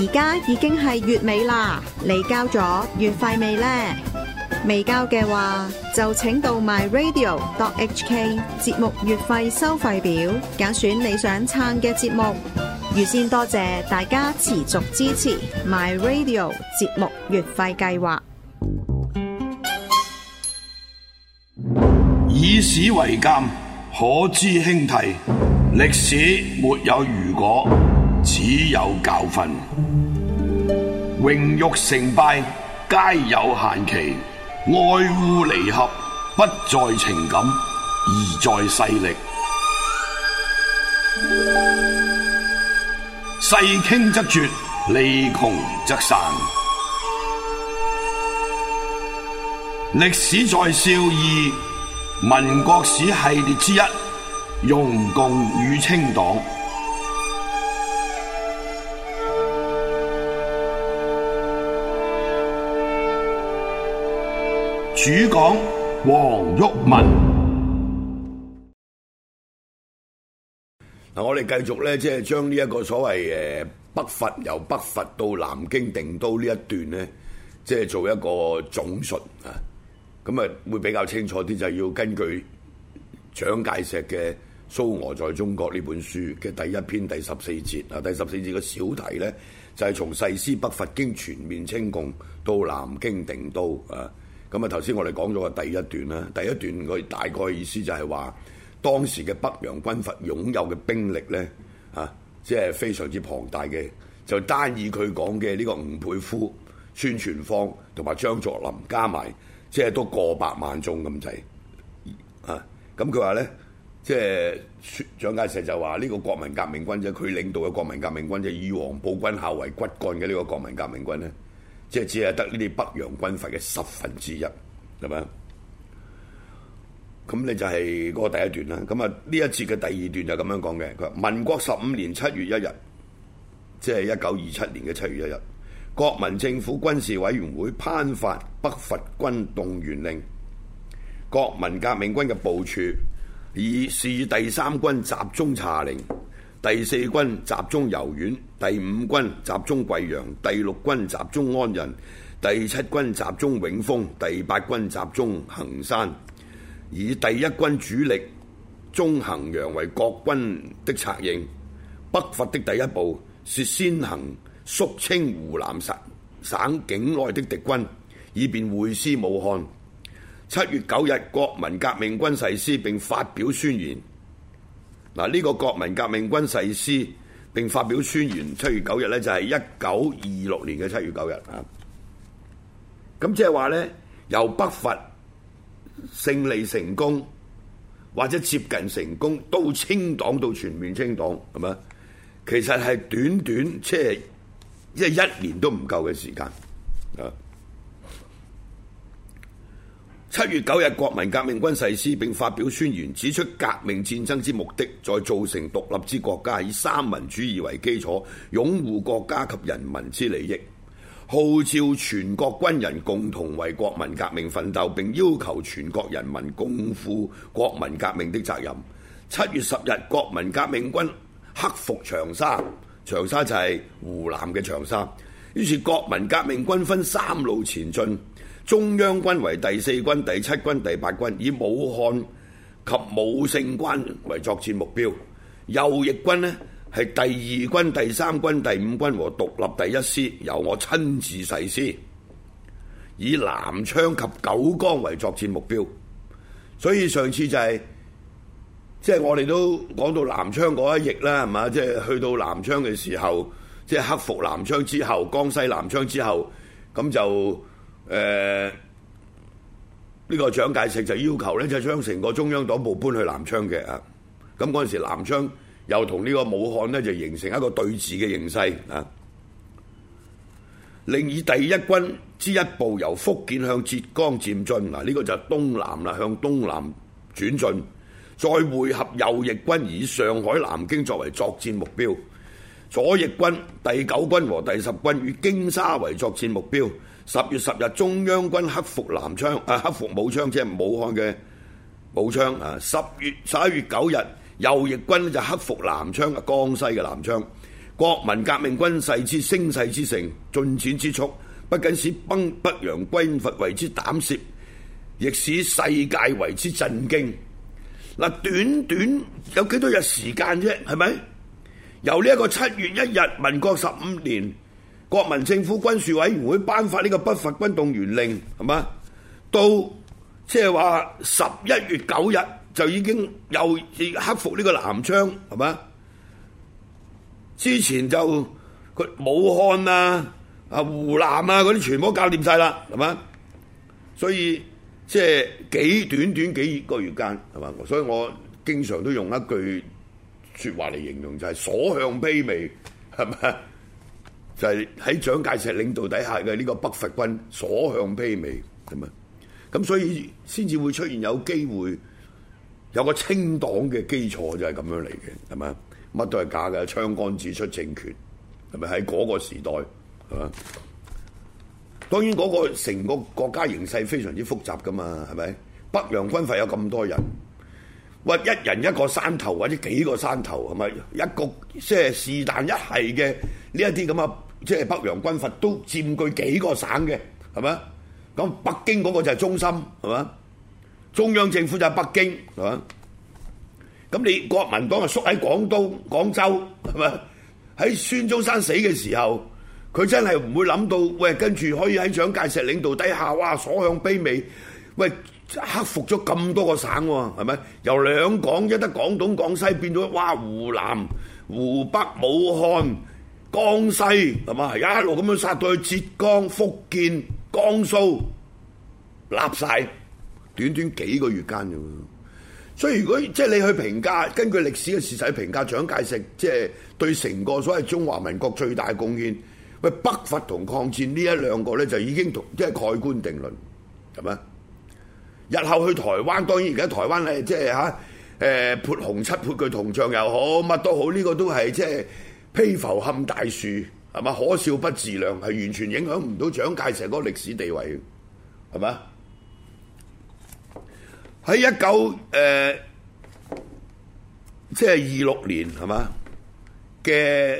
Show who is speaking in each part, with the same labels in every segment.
Speaker 1: 而家已經係月尾啦，你交咗月費未呢？未交嘅話，就請到 myradio.hk 節目月費收費表，揀選你想撐嘅節目。預先多謝大家持續支持 myradio 節目月費計劃。以史為鑑，可知興替。歷史沒有如果。只有教訓，榮辱成敗皆有限期，愛護離合不在情感，而在勢力。世傾則絕，利窮則散。歷史在笑貳，民國史系列之一，容共與清黨。主講黃毓民嗱，我哋繼續咧，即係，將呢一個所謂誒北伐，由北伐到南京定都呢一段呢，即係做一個總述啊。咁啊，會比較清楚啲，就係要根據蔣介石嘅《蘇俄在中國》呢本書嘅第一篇第十四節啊，第十四節嘅小題呢，就係從誓師北伐經全面清共到南京定都啊。咁啊，頭先我哋講咗個第一段啦。第一段佢大概意思就係話，當時嘅北洋軍閥擁有嘅兵力咧，啊，即係非常之龐大嘅。就單以佢講嘅呢個吳佩孚、孫傳芳同埋張作霖加埋，即係都過百萬眾咁滯啊。咁佢話咧，即係蔣介石就話呢個國民革命軍即係佢領導嘅國民革命軍，就以黃埔軍校為骨幹嘅呢個國民革命軍咧。即係只係得呢啲北洋軍閥嘅十分之一，係咪？咁你就係嗰個第一段啦。咁啊，呢一節嘅第二段就咁樣講嘅。佢話民國十五年七月一日，即係一九二七年嘅七月一日，國民政府軍事委員會頒發北伐軍動員令，國民革命軍嘅部署，以示第三軍集中查令。第四軍集中攸縣，第五軍集中貴陽，第六軍集中安仁，第七軍集中永豐，第八軍集中衡山，以第一軍主力中衡陽為國軍的策應。北伐的第一步是先行肅清湖南省境內的敵軍，以便會師武漢。七月九日，國民革命軍誓師並發表宣言。嗱，呢個國民革命軍誓師並發表宣言的，七月九日咧就係一九二六年嘅七月九日啊。咁即係話咧，由北伐勝利成功，或者接近成功，都清黨到全面清黨，係咪？其實係短短即係一一年都唔夠嘅時間啊。七月九日，國民革命軍誓師，並發表宣言，指出革命戰爭之目的在造成獨立之國家，以三民主義為基礎，擁護國家及人民之利益，號召全國軍人共同為國民革命奮鬥，並要求全國人民共負國民革命的責任。七月十日，國民革命軍克服長沙，長沙就係湖南嘅長沙，於是國民革命軍分三路前進。中央軍為第四軍、第七軍、第八軍，以武漢及武勝關為作戰目標；右翼軍呢，係第二軍、第三軍、第五軍和獨立第一師，由我親自誓師，以南昌及九江為作戰目標。所以上次就係，即係我哋都講到南昌嗰一役啦，係嘛？即係去到南昌嘅時候，即係克服南昌之後，江西南昌之後，咁就。誒，呢、呃這個蔣介石就要求呢就將成個中央黨部搬去南昌嘅啊。咁嗰陣時，南昌又同呢個武漢呢就形成一個對峙嘅形勢啊。另以第一軍之一部由福建向浙江漸進，嗱、這、呢個就係東南啦，向東南轉進，再會合右翼軍，以上海、南京作為作戰目標。左翼軍第九軍和第十軍以京沙為作戰目標。十月十日，中央軍克服南昌，啊、呃，克服武昌，即係武漢嘅武昌啊。十月十一月九日，右翼軍就克服南昌，啊，江西嘅南昌。國民革命軍勢之盛勢之盛，進展之速，不僅使崩北洋軍閥為之膽懾，亦使世界為之震驚。嗱，短短有幾多日時間啫，係咪？由呢一個七月一日民國十五年國民政府軍事委員會頒發呢個北伐軍動員令，係嘛，到即係話十一月九日就已經又克服呢個南昌，係嘛，之前就佢武漢啊、啊湖南啊嗰啲全部搞掂晒啦，係嘛，所以即係幾短短幾個月間，係嘛，所以我經常都用一句。説話嚟形容就係所向披靡，係咪？就係、是、喺蔣介石領導底下嘅呢個北伐軍所向披靡，係咪？咁所以先至會出現有機會有個清黨嘅基礎就是這樣來的，就係咁樣嚟嘅，係咪？乜都係假嘅，槍桿子出政權，係咪？喺嗰個時代，係咪？當然嗰個成個國家形勢非常之複雜噶嘛，係咪？北洋軍閥有咁多人。喂，一人一個山頭或者幾個山頭，係咪？一局即係是但一係嘅呢一啲咁啊，即係北洋軍閥都佔據幾個省嘅係咪？咁北京嗰個就係中心係咪？中央政府就係北京係咪？咁你國民黨就縮喺廣東廣州係咪？喺孫中山死嘅時候，佢真係唔會諗到喂，跟住可以喺蔣介石領導底下，哇所向披靡喂！克服咗咁多個省喎，係咪？由兩廣一得廣東廣西變咗，哇！湖南、湖北、武漢、江西，係嘛？一路咁樣殺到去浙江、福建、江蘇，立晒，短短幾個月間啫。所以如果即係、就是、你去評價，根據歷史嘅事實去評價蔣介石，即係對成個所謂中華民國最大嘅貢獻，喂，北伐同抗戰呢一兩個咧，就已經同即係蓋棺定論，係咪？日後去台灣，當然而家台灣咧，即係吓，誒、嗯、潑紅漆潑佢銅像又好，乜都好，呢、呢個都係即係披浮冚大樹，係嘛？可笑不自量，係完全影響唔到蔣介石嗰個歷史地位，係嘛？喺一九誒即係二六年，係嘛嘅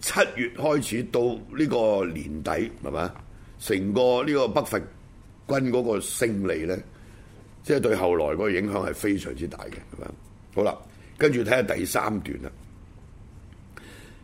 Speaker 1: 七月開始到呢個年底，係嘛？成個呢個北伐。軍嗰個勝利呢，即係對後來嗰個影響係非常之大嘅。好啦，跟住睇下第三段啦。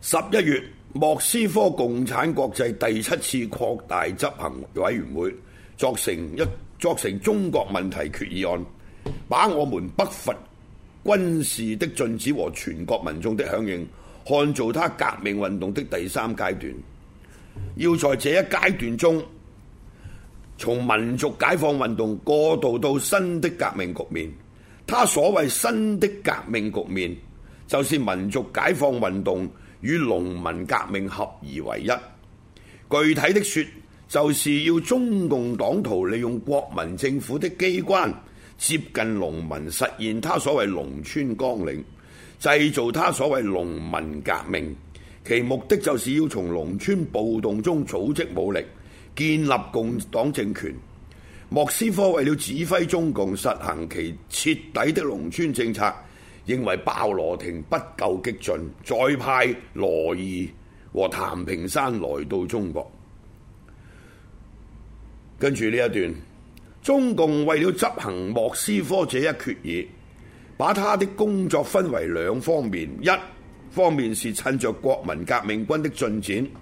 Speaker 1: 十一月，莫斯科共產國際第七次擴大執行委員會作成一作成中國問題決議案，把我們北伐軍事的進展和全國民眾的響應，看做他革命運動的第三階段，要在這一階段中。從民族解放運動過渡到新的革命局面，他所謂新的革命局面，就是民族解放運動與農民革命合而為一。具體的說，就是要中共黨徒利用國民政府的機關接近農民，實現他所謂農村綱領，製造他所謂農民革命，其目的就是要從農村暴動中組織武力。建立共黨政權，莫斯科為了指揮中共實行其徹底的農村政策，認為鮑羅廷不夠激進，再派羅易和譚平山來到中國。跟住呢一段，中共為了執行莫斯科這一決議，把他的工作分為兩方面，一方面是趁着國民革命軍的進展。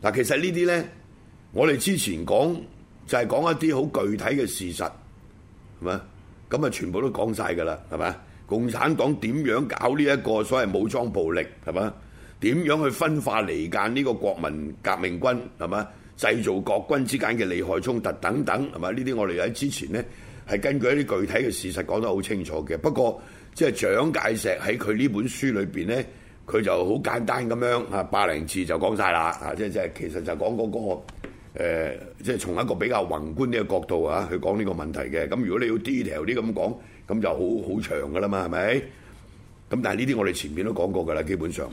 Speaker 1: 嗱，其實呢啲呢，我哋之前講就係講一啲好具體嘅事實，係嘛？咁啊，全部都講晒㗎啦，係嘛？共產黨點樣搞呢一個所謂武裝暴力，係嘛？點樣去分化離間呢個國民革命軍，係嘛？製造國軍之間嘅利害衝突等等，係嘛？呢啲我哋喺之前呢，係根據一啲具體嘅事實講得好清楚嘅。不過，即係蔣介石喺佢呢本書裏邊呢。佢就好簡單咁樣八零次就講晒啦，即即其實就講嗰、那個誒，即、呃、係從一個比較宏觀啲嘅角度啊去講呢個問題嘅。咁如果你要 detail 啲咁講，咁就好好長噶啦嘛，係咪？咁但係呢啲我哋前面都講過噶啦，基本上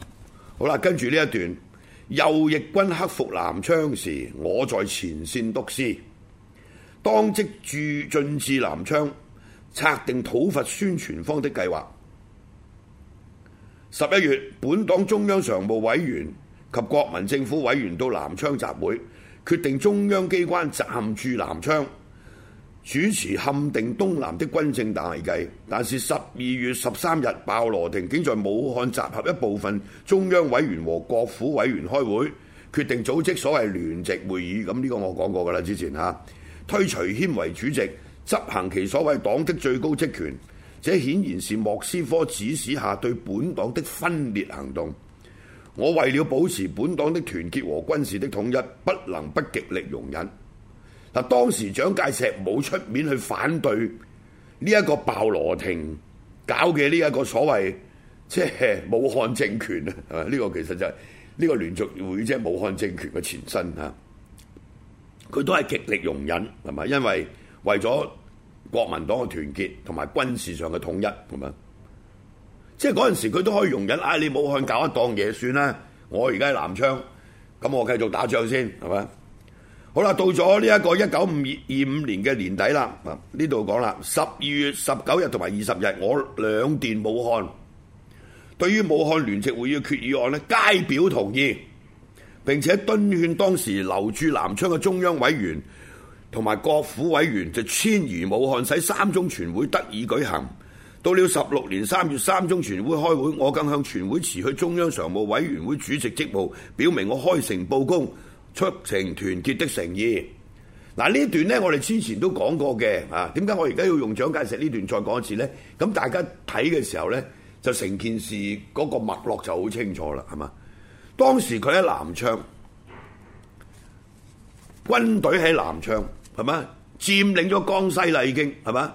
Speaker 1: 好啦，跟住呢一段，右翼軍克服南昌時，我在前線督師，當即駐進至南昌，策定討伐孫傳芳的計劃。十一月，本黨中央常務委員及國民政府委員到南昌集會，決定中央機關暫駐南昌，主持勘定東南的軍政大計。但是十二月十三日，鮑羅廷竟在武漢集合一部分中央委員和國府委員開會，決定組織所謂聯席會議。咁、這、呢個我講過㗎啦，之前吓，推徐謙為主席，執行其所謂黨的最高職權。這顯然是莫斯科指使下對本黨的分裂行動。我為了保持本黨的團結和軍事的統一，不能不極力容忍。嗱，當時蔣介石冇出面去反對呢一個鮑羅廷搞嘅呢一個所謂即係武漢政權啊，呢個其實就係呢個連續會即武漢政權嘅前身啊。佢都係極力容忍係嘛？因為為咗國民黨嘅團結同埋軍事上嘅統一咁樣，即係嗰陣時佢都可以容忍。唉，你武漢搞一檔嘢算啦，我而家喺南昌，咁我繼續打仗先，係咪？好啦，到咗呢一個一九二五年嘅年底啦，呢度講啦，十二月十九日同埋二十日，我兩電武漢，對於武漢聯席會議嘅決議案呢，皆表同意，並且敦勸當時留駐南昌嘅中央委員。同埋國府委員就遷移武漢，使三中全會得以舉行。到了十六年三月，三中全會開會，我更向全會辭去中央常務委員會主席職務，表明我開誠布公、促成團結的誠意。嗱，呢段呢，我哋之前都講過嘅啊，點解我而家要用蔣介石呢段再講一次呢？咁大家睇嘅時候呢，就成件事嗰個脈絡就好清楚啦，係嘛？當時佢喺南昌，軍隊喺南昌。係嘛？佔領咗江西啦，已經係嘛？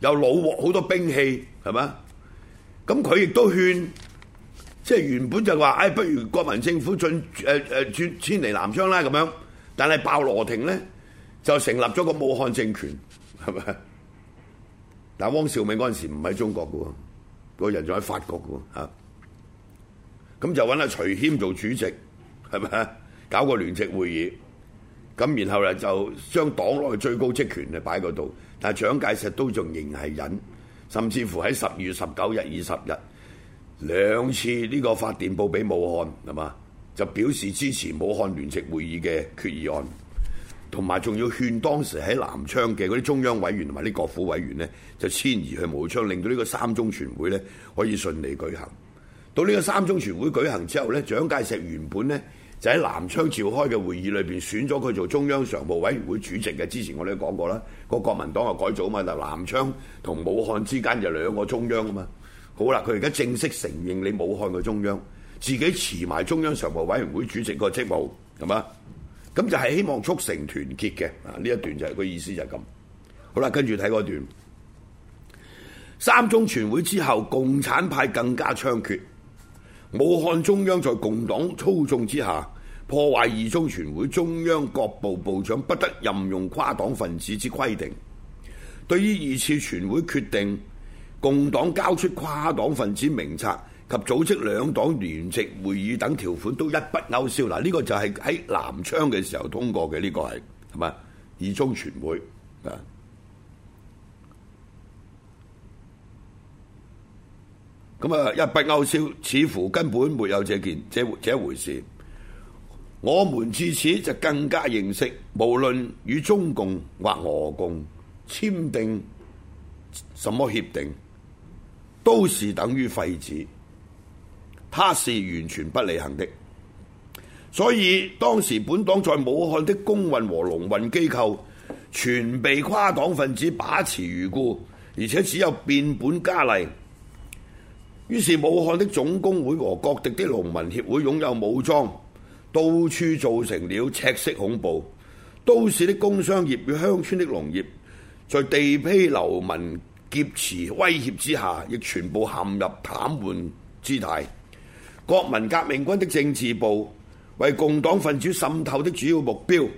Speaker 1: 又老獲好多兵器係嘛？咁佢亦都勸，即係原本就話：，哎，不如國民政府進誒轉嚟南昌啦咁樣。但係，鮑羅廷咧就成立咗個武漢政權，係咪？但係汪兆銘嗰陣時唔喺中國嘅喎，個人就喺法國嘅喎嚇。咁就揾阿徐謙做主席，係咪啊？搞個聯席會議。咁然後咧就將黨內最高職權係擺喺嗰度，但係蔣介石都仲仍係忍，甚至乎喺十二月十九日、二十日兩次呢個發電報俾武漢係嘛，就表示支持武漢聯席會議嘅決議案，同埋仲要勸當時喺南昌嘅嗰啲中央委員同埋啲國府委員呢，就遷移去武昌，令到呢個三中全會呢可以順利舉行。到呢個三中全會舉行之後呢，蔣介石原本呢，就喺南昌召開嘅會議裏邊選咗佢做中央常務委員會主席嘅。之前我哋都講過啦，個國民黨啊改組啊嘛，就南昌同武漢之間就兩個中央啊嘛。好啦，佢而家正式承認你武漢嘅中央，自己辭埋中央常務委員會主席個職務，係嘛？咁就係希望促成團結嘅。啊，呢一段就係個意思就係咁。好啦，跟住睇嗰段，三中全會之後，共產派更加猖獗。武漢中央在共黨操縱之下。破壞二中全會中央各部部長不得任用跨黨分子之規定，對於二次全會決定共黨交出跨黨分子名冊及組織兩黨聯席會議等條款，都一筆勾銷。嗱，呢個就係喺南昌嘅時候通過嘅，呢個係係嘛？二中全會啊，咁啊，一筆勾銷，似乎根本沒有這件這這回事。我們至此就更加認識，無論與中共或俄共簽訂什麼協定，都是等於廢紙，它是完全不履行的。所以當時本黨在武漢的工運和農運機構，全被跨黨分子把持如故，而且只有變本加厲。於是武漢的總工會和各地的農民協會擁有武裝。到處造成了赤色恐怖，都市的工商業與鄉村的農業，在地痞流民劫持威脅之下，亦全部陷入癱瘓之態。國民革命軍的政治部為共黨分子滲透的主要目標，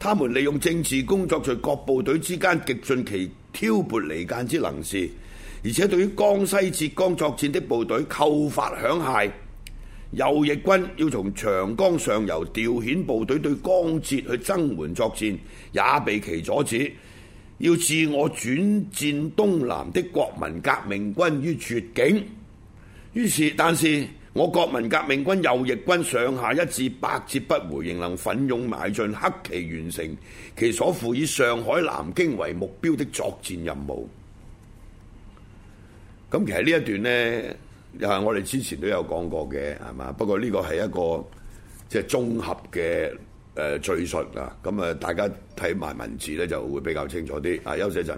Speaker 1: 他們利用政治工作在各部隊之間極盡其挑撥離間之能事，而且對於江西、浙江作戰的部隊扣發餉械。右翼軍要從長江上游調遣部隊對江浙去增援作戰，也被其阻止。要自我轉戰東南的國民革命軍於絕境。於是，但是我國民革命軍右翼軍上下一致，百折不回，仍能奮勇邁進，克旗完成其所負以上海、南京為目標的作戰任務。咁其實呢一段呢。又係我哋之前都有講過嘅，係嘛？不過呢個係一個即係綜合嘅誒敘述啊，咁啊，大家睇埋文字咧就會比較清楚啲。啊，休息一陣。